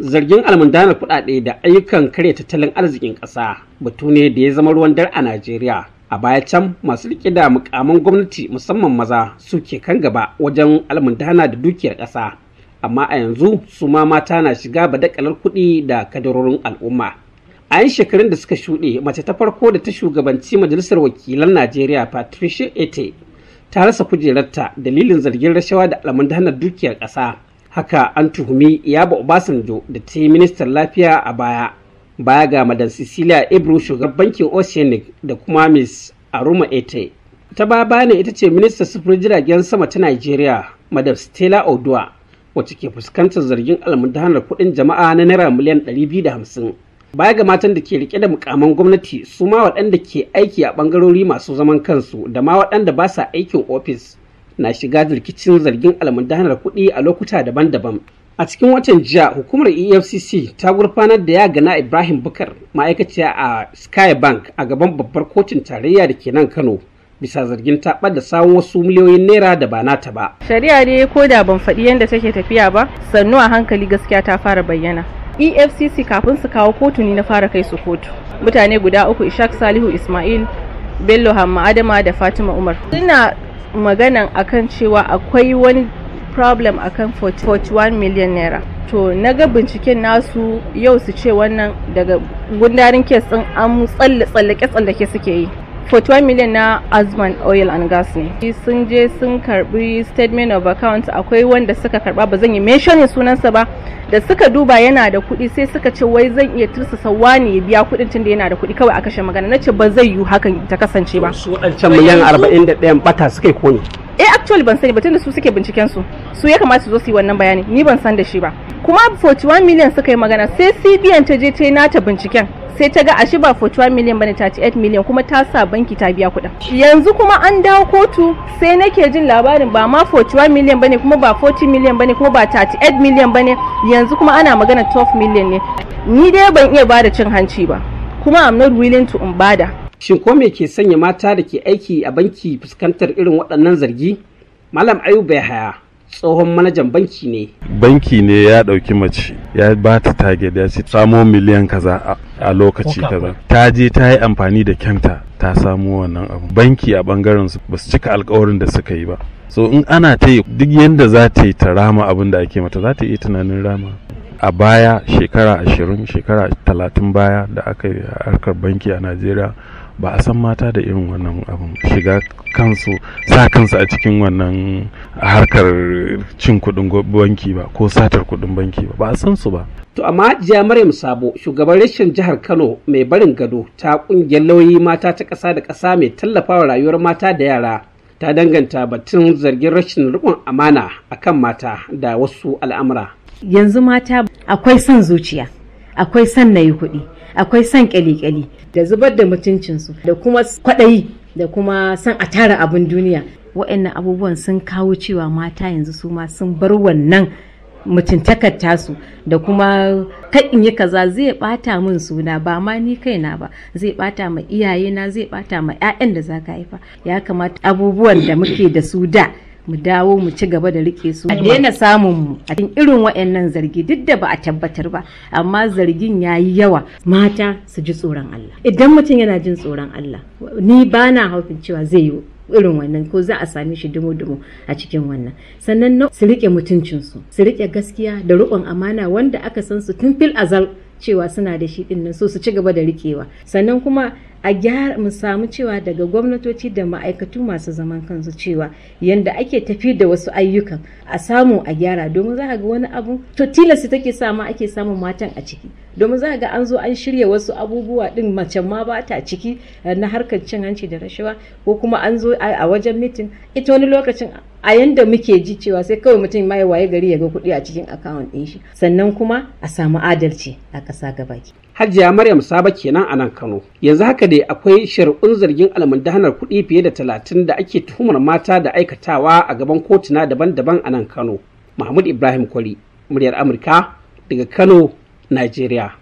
zargin almundanar kuɗaɗe da ayyukan karya tattalin arzikin ƙasa batu ne da ya zama ruwan dare a najeriya a baya can masu riƙe da mukamin gwamnati musamman maza suke kan gaba wajen almundana da dukiyar ƙasa amma a yanzu su ma mata na shiga badakalar kuɗi da kadarorin al'umma a yan shekarun da suka shuɗe mace ta farko da ta shugabanci majalisar wakilan najeriya patricia ete ta rasa kujerarta dalilin zargin rashawa da almundanar dukiyar ƙasa haka an tuhumi yaba obasanjo da ta yi ministan lafiya a baya baya ga madan cecilia ibru shugaban bankin oceanic da kuma miss aruma ete ta ba bayanin ita ce ministan sufurin jiragen sama ta Najeriya, madam stella odua wacce ke fuskantar zargin almudanar kudin jama'a na naira miliyan 250 baya ga matan da ke rike da mukaman gwamnati su ma waɗanda ke aiki a ɓangarori masu zaman kansu da ma waɗanda ba sa aikin ofis na shiga rikicin zargin almundahanar kuɗi a lokuta daban-daban a cikin watan jiya hukumar efcc ta gurfanar da ya gana ibrahim bukar ma'aikaciya a sky bank a gaban babbar kotun tarayya da ke nan kano bisa zargin ta da samun wasu miliyoyin naira da ba nata ba shari'a dai ko da ban faɗi yadda take tafiya ba sannu a hankali gaskiya ta fara bayyana efcc kafin su kawo kotu ne na fara kai su kotu mutane guda uku ishak salihu ismail bello hamma adama da fatima umar suna maganan akan cewa akwai wani problem akan 41 million naira to na ga binciken nasu yau su ce wannan daga gundarin kes din an tsallake tsallake suke yi 41 million na azman oil and gas ne sun je sun karbi statement of account akwai wanda suka karba ba zan yi mentioning sunansa ba da suka duba yana da kuɗi sai suka ce wai zan iya tursa wani ya biya kuɗin tunda yana da kuɗi kawai a kashe magana nace ba zai yi hakan ta kasance ba su wadancan miliyan 41 bata suka yi ko ne eh actually ban sani ba tunda su suke binciken su su ya kamata su zo su yi wannan bayani ni ban san da shi ba kuma 41 million suka yi magana sai cbn ta je ta yi nata binciken sai ta ga ashe ba 41 million bane 38 million kuma ta sa banki ta biya kuɗin yanzu kuma an dawo kotu sai nake jin labarin ba ma 41 million bane kuma ba 40 million bane kuma ba 38 million bane yanzu kuma ana magana 12 million ne ni dai ban iya bada cin hanci ba kuma I'm not willing to in bada shin ko me ke sanya mata da ke aiki a banki fuskantar irin waɗannan zargi malam ayuba ya haya tsohon manajan banki ne banki ne ya ɗauki mace ya ba ta target ya ce samo miliyan kaza a lokaci kaza ta je ta yi amfani da kyanta ta samo wannan abu banki a bangaren su ba su cika alkawarin da suka yi ba so in ana ta yi duk yadda za ta yi ta rama abin da ake mata za ta iya tunanin rama a baya shekara ashirin shekara talatin baya da aka yi harkar banki a najeriya ba a san mata da irin wannan abin shiga kansu sa kansu a cikin wannan harkar cin kuɗin banki ba ko satar kuɗin banki ba ba a san su ba to amma jiya maryam sabo shugaban rashin jihar kano mai barin gado ta ƙungiyar lauyi mata ta ƙasa da ƙasa mai tallafawa rayuwar mata da yara ta danganta batun zargin rashin riƙon amana akan mata da wasu al'amura yanzu mata akwai son zuciya akwai san na yi kuɗi akwai san ƙyali kyali da zubar da mutuncinsu da kuma kwaɗayi da kuma san a tara abin duniya waɗannan abubuwan sun kawo cewa mata yanzu su ma sun bar wannan mutuntakar tasu da kuma in yi kaza zai ɓata min suna ba ma ni kaina ba zai bata ma iyayena zai ɓata ma 'ya'yan da za ka haifa ya kamata abubuwan da muke da su da mu dawo mu ci gaba da rike su a daina samun mu a cikin irin waɗannan zargi duk da ba a tabbatar ba amma zargin ya yi yawa mata su ji tsoron Allah idan mutum yana jin tsoron Allah ni ba na haufin cewa zai yi irin wannan ko za a sami shi dumo-dumo a cikin wannan sannan na su rike mutuncinsu su rike gaskiya da riƙon amana wanda aka san su tun fil azal cewa suna da shi ɗin nan so su ci gaba da rikewa sannan kuma a gyara mu samu cewa daga gwamnatoci da ma'aikatu masu zaman kansu cewa yanda ake tafi da wasu ayyukan a samu a gyara domin za ga wani abu to tilasta take sama ake samun matan a ciki domin za ga an zo an shirya wasu abubuwa din mace ma ba ta ciki eh, na harkar cin hanci da rashawa ko kuma an zo eh, a wajen mitin ita wani lokacin a yanda muke ji cewa sai kawai mutum ma ya waye gari ya ga kuɗi a cikin akawun ɗin shi sannan kuma a samu adalci a ƙasa gabaki. Hajiya Maryam Saba kenan a nan Kano. Yanzu haka dai akwai shari'un zargin almundahanar kuɗi fiye da talatin da ake tuhumar mata da aikatawa a gaban kotuna daban-daban a nan Kano. Mahmud Ibrahim Kwari, muryar Amurka daga Kano, Najeriya.